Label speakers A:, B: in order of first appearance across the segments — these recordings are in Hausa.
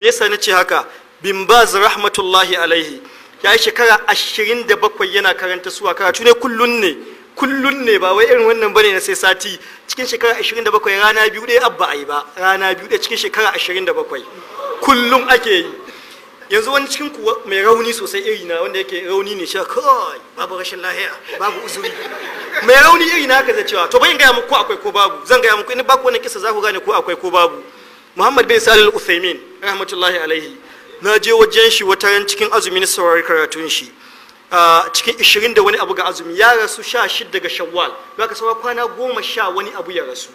A: yasa na ce haka bimbaz rahmatullahi alaihi ya yi shekara ashirin da bakwai yana karanta suwa karatu ne kullun ne kullun ne ba wai irin wannan bane na sai sati cikin shekara ashirin da bakwai rana biyu ɗaya abba a yi ba rana biyu ɗaya cikin shekara ashirin da bakwai kullum ake yi yanzu wani cikin ku mai rauni sosai iri na wanda yake rauni ne shi kawai babu rashin lahiya babu uzuri mai rauni iri na haka zai cewa to bai gaya muku akwai ko babu zan gaya muku in ba ku wani kisa za ku gane ko akwai ko babu muhammad bin salil al rahmatullahi alaihi na je wajen shi wata ran cikin azumi na saurari karatun shi cikin ishirin da wani abu ga azumi ya rasu sha shidda ga shawwal ba ka saura kwana goma sha wani abu ya rasu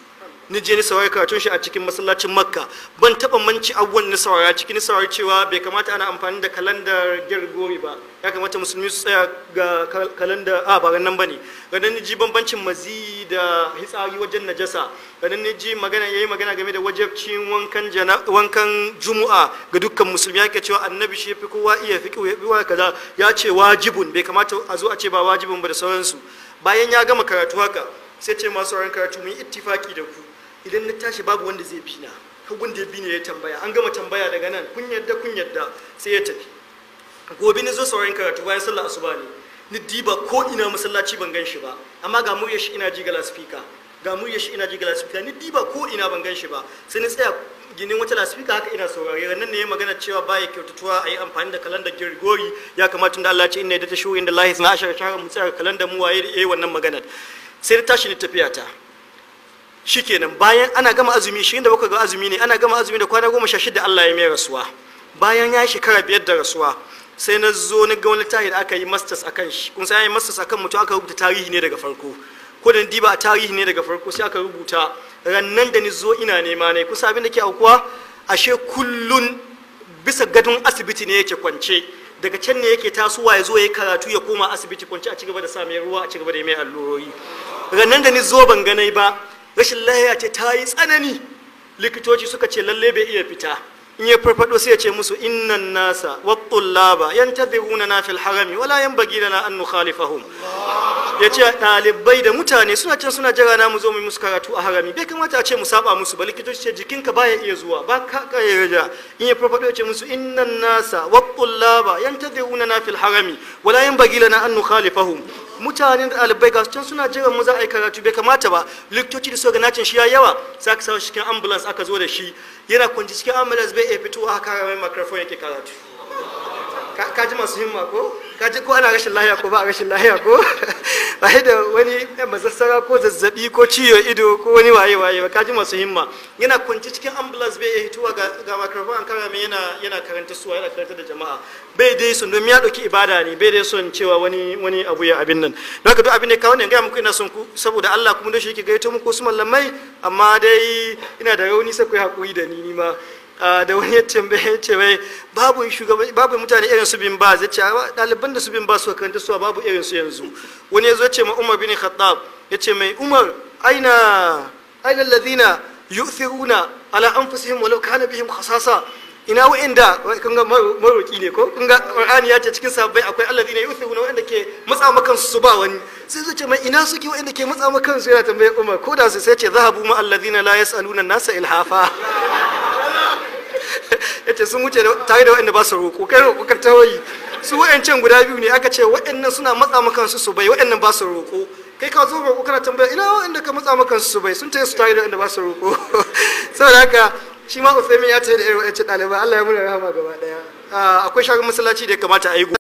A: ni je ni saurari karatun shi a cikin masallacin makka ban taba manci abubuwan ni saurara cikin cewa bai kamata ana amfani da kalandar gergori ba ya kamata musulmi su tsaya ga kalandar a ba nan bane ganin ni ji bambancin mazi da hitsari wajen najasa ganin ni ji magana yayi magana game da wajabcin wankan wankan jumu'a ga dukkan musulmi yake cewa annabi shi fi kowa iya fi kowa kaza ya ce wajibun bai kamata a zo a ce ba wajibun ba da sauransu bayan ya gama karatu haka sai ce masu karatu mun ittifaki da ku idan na tashi babu wanda zai bi na hagun da bi ne ya tambaya an gama tambaya daga nan kun yadda kun yadda sai ya tafi gobe na zo sauran karatu bayan sallah asuba ne ni diba ko ina masallaci ban gan shi ba amma ga murya shi ina ji ga lasfika ga murya shi ina ji ga lasfika ni diba ko ina ban gan shi ba sai ni tsaya ginin wata lasfika haka ina saurare nan ne ya magana cewa baya kyautatuwa a yi amfani da kalandar girgori ya kamata da Allah ce inna da ta shuri inda lahi na ashara shahar mu tsaya kalandar mu waye wannan magana sai ta tashi ni tafiya ta shikenan bayan ana gama azumi shi da bakwai ga azumi ne ana gama azumi da kwana goma sha shida Allah ya mai rasuwa bayan ya shekara biyar da rasuwa sai na zo na ga wani tarihi da aka yi masters akan shi kun sai yi masters akan mutum aka rubuta tarihi ne daga farko ko da diba a tarihi ne daga farko sai aka rubuta rannan da ni zo ina nema ne kusa abin da ke aukuwa ashe kullun bisa gadon asibiti ne yake kwance daga can ne yake tasowa ya zo ya yi karatu ya koma asibiti kwance a cigaba da sa mai ruwa a cigaba da mai allurori rannan da ni zo ban ganai ba rashin lahiya ce ta yi tsanani likitoci suka ce lalle bai iya fita in ya farfado sai ya ce musu innan nasa wa tullaba yantaziruna na fil harami wala yanbaghi lana an nukhalifahum ya ce ɗalibai da mutane suna can suna jira na mu zo mu musu karatu a harami bai kamata a ce mu saba musu ba likitoci ce jikinka baya iya zuwa ba ka raja in ya farfado ya ce musu innan nasa wa tullaba yantaziruna na fil harami wala yanbaghi lana an nukhalifahum mutanen da ɗalibai ga can suna jiran mu za a yi karatu bai kamata ba likitoci da suka nacin shi ya yawa za ka samu cikin ambulance aka zo da shi yana kwanci cikin ambulance bai iya fitowa haka mai microphone yake karatu ka ji masu himma ko ka ji ko ana rashin lahiya ko ba a rashin lahiya ko ba da wani mazassara ko zazzabi ko ciwo ido ko wani waye waye ba kaji masu himma yana kunci cikin ambulance bai hituwa ga ga microphone an kara mai yana yana karanta suwa yana karanta da jama'a bai dai sun domin ya dauki ibada ne bai dai sun cewa wani wani abu ya abin nan don haka duk abin da kawo ne ga muku ina son ku saboda Allah kuma da shi yake gaito muku su mallamai amma dai ina da rauni sai ku hakuri da ni ma Ah, da wani ya tambaye ce wai babu shugaban babu mutane irin su bin baz ya ce ɗaliban da su bin baz suka karanta suwa babu irin su yanzu wani ya zo ce ma umar bin khattab ya ce mai umar aina aina alladhina yu'thiruna ala anfusihim walau kana bihim khasasa ina wa'inda kun ga maroki ne ko kun ga qur'ani ya ce cikin sabbai akwai alladhina yu'thiruna wa'inda ke matsa makan su ba wani sai zai ce mai ina suke wa'inda ke matsa makan su yana tambaye umar ko da su sai ce zahabu ma alladhina la yas'aluna an-nasa ilhafa yace sun wuce tare da waɗanda ba su roƙo kai roƙo ka tawayi su waɗancan guda biyu ne aka ce waɗannan suna matsa maka su su bai waɗannan ba su roƙo kai ka zo roƙo kana tambaya ina waɗanda ka matsa maka su su bai sun tare su tare da waɗanda ba su roƙo saboda haka shi ma Uthaymin ya tare da irin waɗancan ɗalibai Allah ya muna rahama gaba ɗaya ah, akwai shagon masallaci da ya kamata a yi